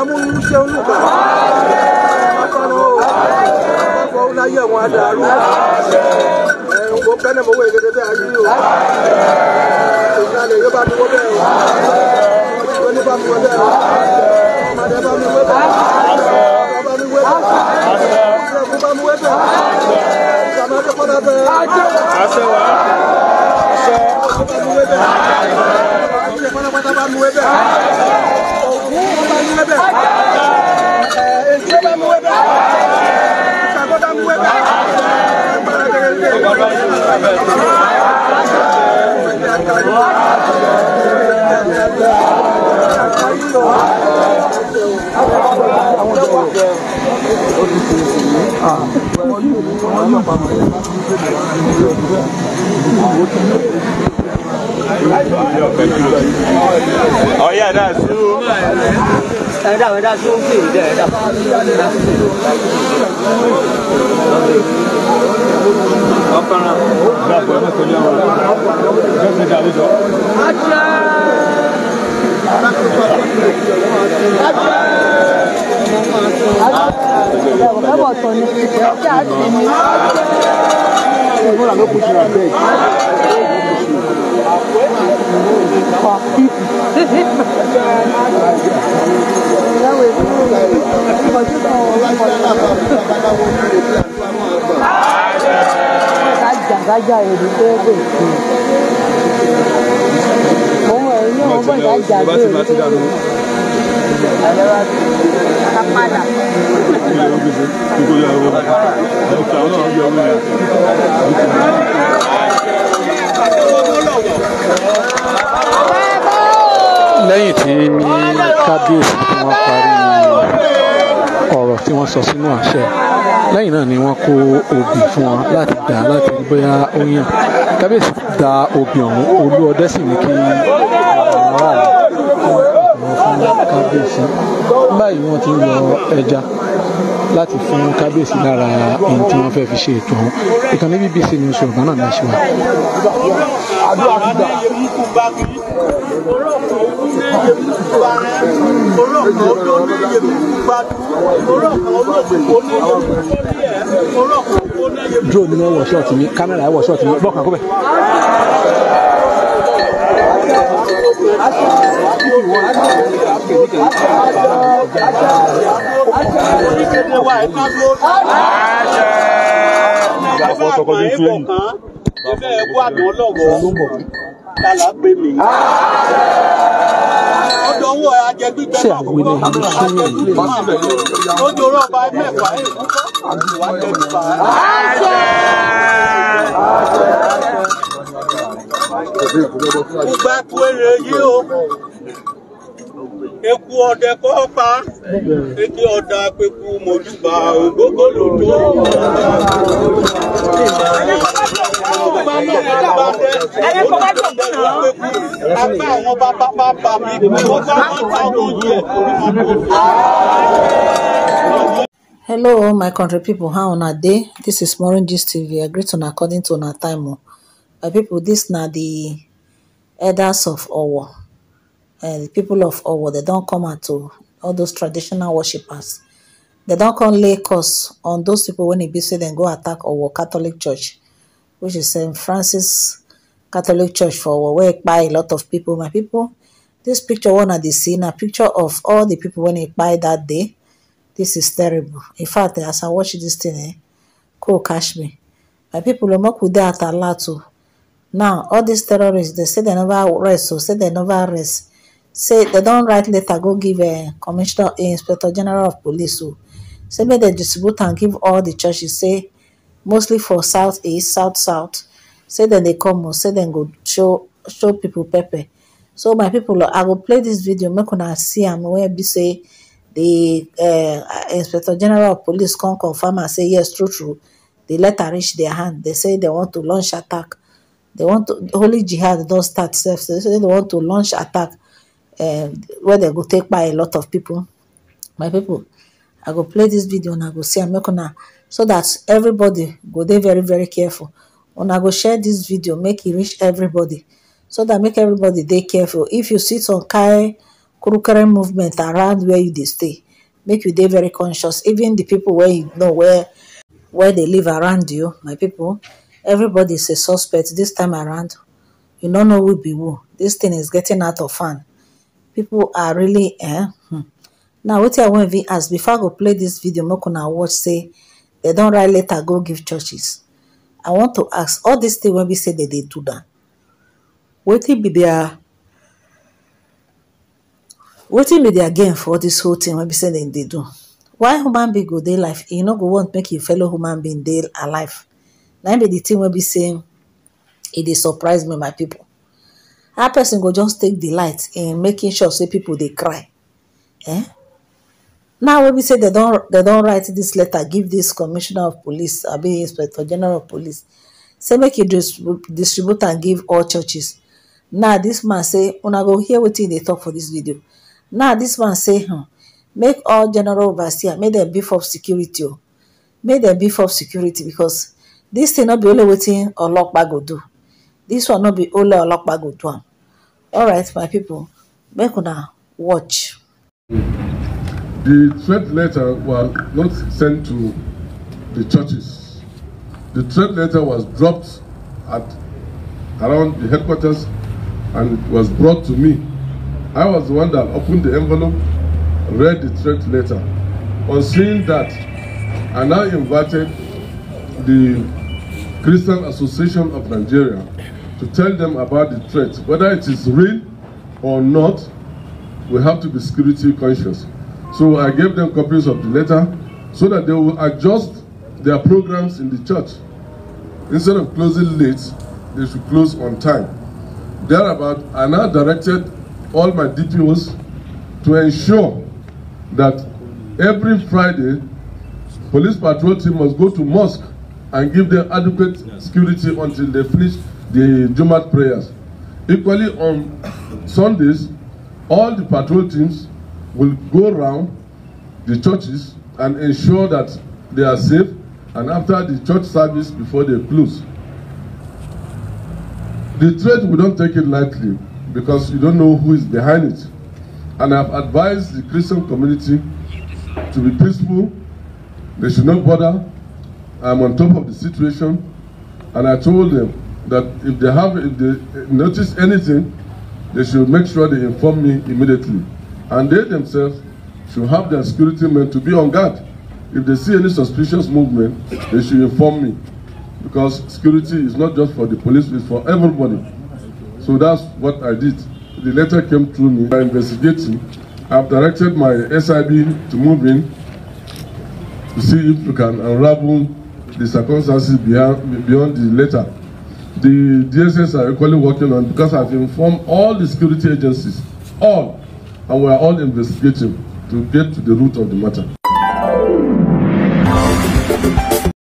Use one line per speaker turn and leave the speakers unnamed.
amúnú ṣe ń lùkà. ọ̀pọ̀ ọ̀la yẹ̀ wọn adàrú. Ẹ̀wọ̀n pẹ́ẹ́nẹ̀ mọ̀wé gẹ́gẹ́ ayé o. Ìjàlè yóò bá mi wọ́ bẹ́ẹ̀ o. Ọmọdé yóò bá mi wọ́ bẹ́ẹ̀ o. Ọmọdé bá mi wọ́ bẹ́ẹ̀ o. Ọmọdé bá mi wọ́ bẹ́ẹ̀ o. Ìjàmọ́ akẹ́kọ̀ọ́ náà bẹ̀rẹ̀. Àṣẹ wa. Àṣẹ muwebe Ah. Oh yeah, that's true. That's that's true. Yeah, Ẹ dá ẹ dá sókè ìdẹ ẹ dá. Ọ̀pọ̀nà. Dàpọ̀ ẹ̀ mẹ́tò ní àwọn ọ̀rẹ́. Jọ́sìn ìjà àlejò. Ajá. Ajá. Ajá. Ẹ bọ̀ tọ̀ ni. Ajá ti mi. Ẹ bọ̀ tọ̀ ni. Ẹ bọ̀ tọ̀ ni. Coffee. Àjàgájà èdè tó ẹgbẹ́ ìsìn. Òun ẹ̀rí ní ọgbọ́n ìdájà èdè tó ẹgbẹ́ ìsìn. Àjàgájà èdè tó kábíyèsí tí wọ́n parí ọ̀rọ̀ tí wọ́n sọ sínú àṣẹ lẹ́yìn náà ni wọ́n kó obì fún wọn láti dà láti rí bóyá ó yàn kábíyèsí da obì ọ̀hún olú ọdẹ sì ní kí kábíyèsí báyìí wọ́n ti ń lọ ẹja láti fún kábíyèsí lára ohun tí wọ́n fẹ́ fi ṣe ètò ọ̀hún ìkànnì BBC News Yorùbá náà ní aṣọ wa yẹmi
drone ni wọn wọ ṣọọti mi kámẹ́rà ẹ wọ ṣọọti mi bọkàn kó bẹ.
Àṣẹ. Àṣẹ. Àṣẹ. Àṣẹ ta la pè mí. owó ẹ̀ ajẹ́ gbígbẹ́ náà kúkọ́ ajẹ́ gbígbẹ́ náà kúkọ́ lójú rọ́ọ̀bà mẹ́fà ẹ̀ kúkọ́ wà á jẹ́ gbígbà. Gbogbo akuere yí o, eku ọdẹ kọ́ pa, eke ọ̀dà peku mojúbà ògógó lòdó.
Ẹni kọ́ bá dẹ̀. Hello, all my country people. How on a day? This is Morning Gist TV. I greet according to our time My people, this now the elders of Owo. Uh, the people of Owo, they don't come at all. all those traditional worshippers. They don't come lay curse on those people when they be say go attack Owo Catholic Church, which is St. Francis catholic church for work by a lot of people my people this picture one of the scene a picture of all the people when it by that day this is terrible in fact as i watch this thing eh, cool catch me my people omoku dey at alato now all these terrorists they say they never rest so say they never rest say they don't write letter go give a eh, commissioner a eh, inspector general of police so say make they distribute and give all the churches say mostly for southeast south south say then they come o say then go show show people pepper so my people i go play this video make una see I'm wey be say di eh, inspector general of police come confirm and say yes true true di letter reach their hand They say they want to launch attack they want to holy jihad Don't start self. so they say they want to launch attack eh, Where they go take by a lot of people. my people, i go play this video and i go see I'm make una so that everybody go there very very careful una go share dis video make e reach everybody so dat make everybody dey careful if you see some kain kurukere movement around where you dey stay make you dey very conscious even di pipo wey you know where dey live around you my pipo everybody is a suspect dis time around you no know who be who dis thing is getting out of hand pipo are really eh hmm. now wetin i wan even ask before i go play dis video make una watch say dem don write letter go give churches i want to ask all this thing when we say that they do now wetin be their wetin be their game for this whole thing when we say that they do why human being go dey life You know, go want make your fellow human being dey alive Now, im be di thing wey be saying, it e is surprise me my people. how person go just take delight in making sure say people they cry eh now wey be say they don't write this letter give this commissioner of police a abi inspector general of police say make you distribute and give all churches now this man say una go hear wetin e dey tok for this video now this man say huh, hmm, make all general overseer make dem beef up security o oh. make dem beef up security because this thing not be only waiting wetin olokpa go do This one not be only olokpa go do am alright my people, make now watch
The threat letter was not sent to the churches. The threat letter was dropped at around the headquarters and it was brought to me. I was the one that opened the envelope, read the threat letter. On seeing that, I now invited the Christian Association of Nigeria to tell them about the threat. Whether it is real or not, we have to be security conscious. So I gave them copies of the letter so that they will adjust their programs in the church. Instead of closing late, they should close on time. Thereabout, I now directed all my DPOs to ensure that every Friday, police patrol team must go to mosque and give them adequate security until they finish the Jumat prayers. Equally on Sundays, all the patrol teams will go around the churches and ensure that they are safe and after the church service before they close. The threat, we don't take it lightly because you don't know who is behind it. And I've advised the Christian community to be peaceful. They should not bother. I'm on top of the situation. And I told them that if they have, if they notice anything, they should make sure they inform me immediately and they themselves should have their security men to be on guard. If they see any suspicious movement, they should inform me. Because security is not just for the police, it's for everybody. So that's what I did. The letter came through me. I'm investigating. I've directed my SIB to move in to see if we can unravel the circumstances beyond, beyond the letter. The DSS are equally working on because I've informed all the security agencies, all, and we are all investigating to get to the root of the matter.